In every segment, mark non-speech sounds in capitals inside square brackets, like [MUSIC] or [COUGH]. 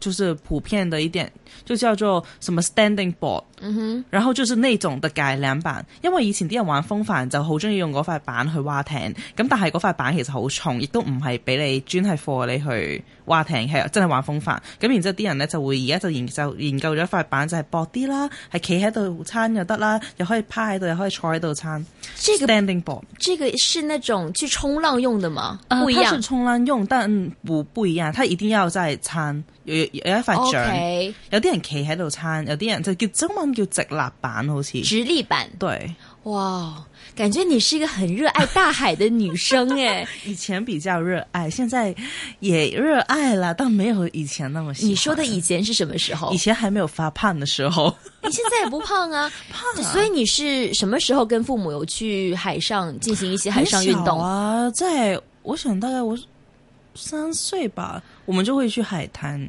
就是普遍的一點，就叫做什麼 standing board，、嗯、哼然後就是那種的改良版。因為以前啲人玩風帆就好中意用嗰塊板去劃艇，咁但係嗰塊板其實好重，亦都唔係俾你專係貨你去劃艇，係真係玩風帆。咁然之後啲人咧就會而家就研究研究咗塊板就係薄啲啦，係企喺度撐就得啦，又可以趴喺度，又可以坐喺度撐。這個 standing board，即個是那種去衝浪用的嗎？啊，它是衝浪用，但不不一樣，它一定要在撐。有有一塊槳 Okay，有啲人企喺度撐，有啲人就叫中文叫直立板好，好似直立板。對，哇，wow，感覺你是一個很熱愛大海的女生誒。 [LAUGHS] 以前比較熱愛，現在也熱愛啦，但沒有以前那麼喜歡。你說的以前是什麼時候？以前還沒有發胖的時候。 [LAUGHS] 你現在也不胖啊，胖啊。所以你是什麼時候跟父母有去海上進行一些海上運動啊？在我想大概我三歲吧，我們就會去海灘。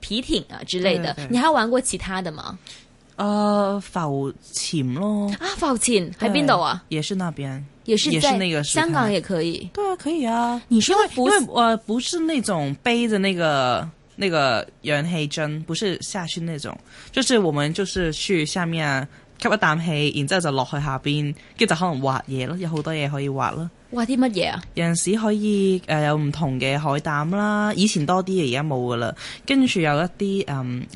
皮艇啊之類的，對對對，你還玩過其他的嗎？呃，浮潛咯啊，浮潛喺邊度啊？也是那邊，也是在也是那個香港也可以，對啊，可以啊。你說不因，因為呃不是那種背着那個那個氧氣樽，不是下去那種，就是我們就是去下面吸一啖氣，然之後就落去下邊，跟着就可能劃嘢咯，有好多嘢可以劃咯。哇！啲乜嘢啊？有陣時可以誒、呃，有唔同嘅海膽啦，以前多啲嘅，而家冇噶啦。跟住有一啲嗯，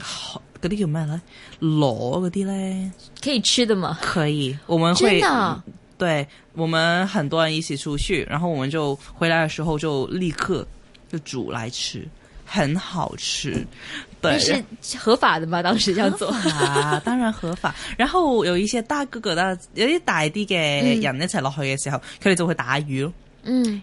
嗰啲叫咩咧？螺嗰啲咧？可以吃的嗎？可以，我們會的、嗯，對，我們很多人一起出去，然後我們就回來嘅時候就立刻就煮來吃，很好吃。 [LAUGHS] 對是，是合法的嘛？當時叫做，啊，當然合法。 [LAUGHS] 然後有一些大哥哥啦，有啲大啲嘅人一齊落去嘅時候，佢哋、嗯、就會打魚咯。嗯。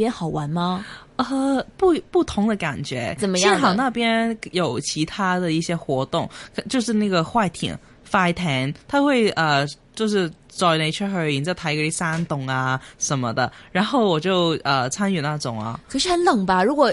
邊好玩嗎？呃，不，不同的感覺，怎麼樣？幸好那邊有其他的一些活動，就是那個快艇，快艇，他會呃，就是載你出去、啊，然之後睇嗰啲山洞啊什麼的。然後我就呃參與那種啊，可是很冷吧？如果。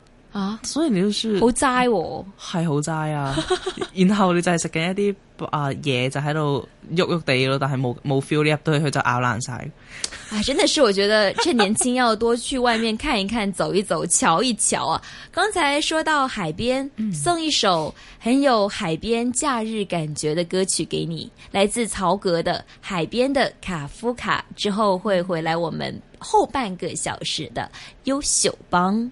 啊！所以你都、就是好齋、哦，係好齋啊！ [LAUGHS] 然後你就係、呃、食緊一啲啊嘢，就喺度喐喐地咯，但係冇冇 feel 你入到去，佢就咬爛晒。啊，真的是我覺得趁年輕要多去外面看一看， [LAUGHS] 走一走，瞧一瞧啊！剛才說到海邊，嗯、送一首很有海邊假日感覺的歌曲給你，來自曹格的《海邊的卡夫卡》。之後會回來我們後半個小時的優秀幫。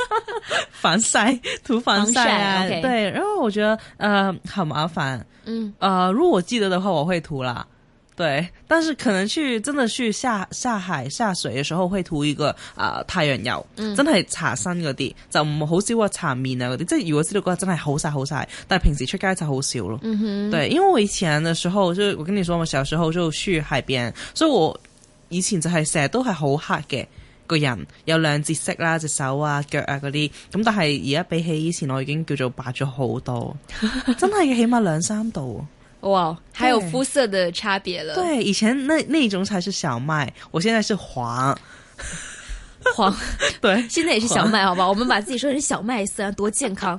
[LAUGHS] 防曬塗防曬啊，okay，對，然後我覺得，嗯、呃，好麻煩，嗯，啊、呃，如果我記得的話，我會塗啦，對，但是可能去真的去下下海下水嘅時候，會塗一個啊、呃、太陽油，嗯、真係搽身嗰啲，就唔好少話搽面啊嗰啲，即係如果知道嗰真係好曬好曬，但係平時出街就好少咯，嗯哼對，因為我以前的時候就我跟你說我小時候就去海邊，所以我以前就係成日都係好黑嘅。個人有兩節色啦，隻手啊、腳啊嗰啲，咁但係而家比起以前，我已經叫做白咗好多， [LAUGHS] 真係嘅，起碼兩三度。哇，wow，還有膚色嘅差別啦。對，以前那那種才是小麥，我現在是黃 [LAUGHS] 黃，對，現在也是小麥，好吧，我們把自己說成小麥色，多健康。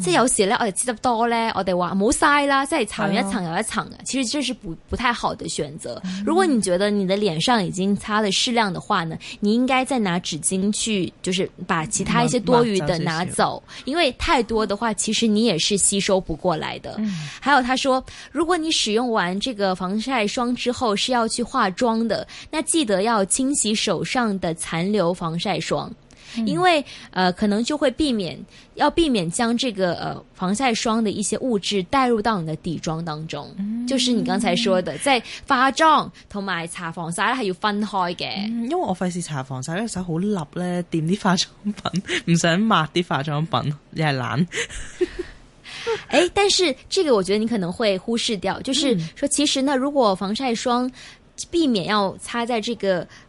即有時咧，我哋知得多咧，我哋話冇曬啦，即係搽完一層又一層。其實這是不不太好的選擇。如果你覺得你的臉上已經擦了適量的話呢，你應該再拿紙巾去，就是把其他一些多餘的拿走，嗯、因為太多的話，其實你也是吸收不過來的。嗯、還有，他說如果你使用完這個防曬霜之後是要去化妝的，那記得要清洗手上的殘留防曬霜。因為呃，可能就會避免要避免將這個呃防曬霜的一些物質帶入到你的底妝當中，嗯、就是你剛才說的，在化妝同埋擦防曬它係要分開嘅、嗯。因為我費事擦防曬，因為手好笠呢，掂啲化妝品，唔 [LAUGHS] 想抹啲化妝品，你係懶。哎，但是這個我覺得你可能會忽視掉，就是說，其實呢，嗯、如果防曬霜避免要擦在這個。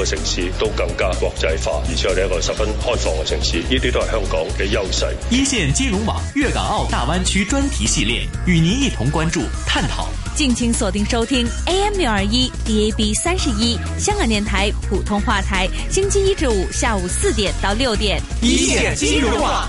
個城市都更加國際化，而且我哋一個十分開放嘅城市，呢啲都係香港嘅優勢。一線金融網粵港澳大灣區專題系列，與您一同關注、探討。敬請鎖定收聽 AM 六二一 DAB 三十一香港電台普通話台，星期一至五下午四點到六點。一線金融網。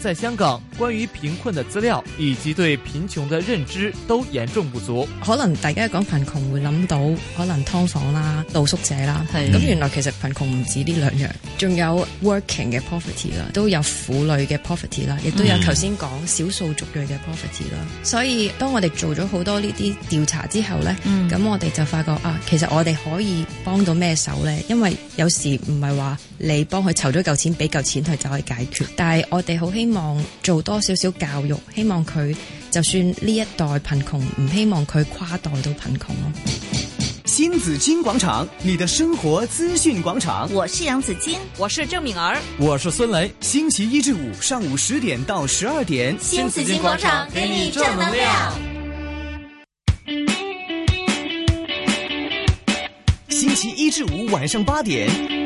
在香港，關於貧困的資料以及對貧窮的認知都嚴重不足。可能大家講貧窮會諗到可能劏房啦、露宿者啦，咁是、嗯、原來其實貧窮唔止呢兩樣，仲有 working 嘅 poverty 啦，都有婦女嘅 poverty 啦，亦都有頭先講少數族裔嘅 poverty 啦。嗯、所以當我哋做咗好多呢啲調查之後呢，咁、嗯、我哋就發覺啊，其實我哋可以幫到咩手呢？因為有時唔係話。你幫佢籌咗嚿錢，俾嚿錢佢就可以解決。但係我哋好希望做多少少教育，希望佢就算呢一代貧窮，唔希望佢跨代都貧窮咯。新紫金廣場，你的生活資訊廣場。我是楊紫金，我是鄭敏兒，我是孫雷。星期一至五上午十點到十二點，新紫金廣場給你正能量。星期一至五晚上八點。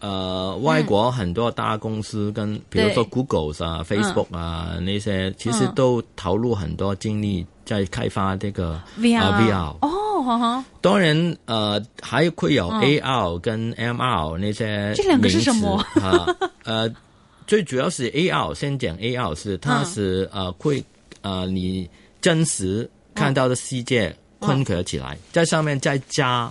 呃，外國很多大公司跟，嗯、比如說 Google 啊、對 Facebook 啊、嗯、那些，其實都投入很多精力在開發這個 VR，VR 哦，當然、嗯啊，呃，還會有 AR 跟 MR 那些名詞、嗯，這兩個是什麼？ [LAUGHS] 呃，最主要是 AR，先講 AR 是，它是，嗯、呃，會，呃，你真實看到的世界混合起來，嗯嗯、在上面再加。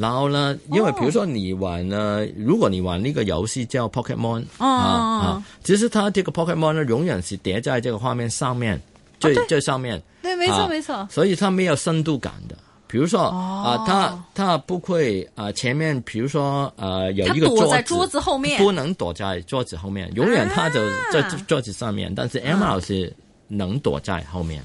然後呢，因為比如說你玩呢，如果你玩那個遊戲叫 Pokemon 啊，其實它這個 Pokemon 呢，永遠是疊在這個畫面上面，最最上面，對，沒錯，沒錯，所以它沒有深度感的。比如說啊，它，它不會啊，前面，比如說，呃，有一個桌子，桌子後面，不能躲在桌子後面，永遠它就在桌子上面，但是 Emma 是能躲在後面。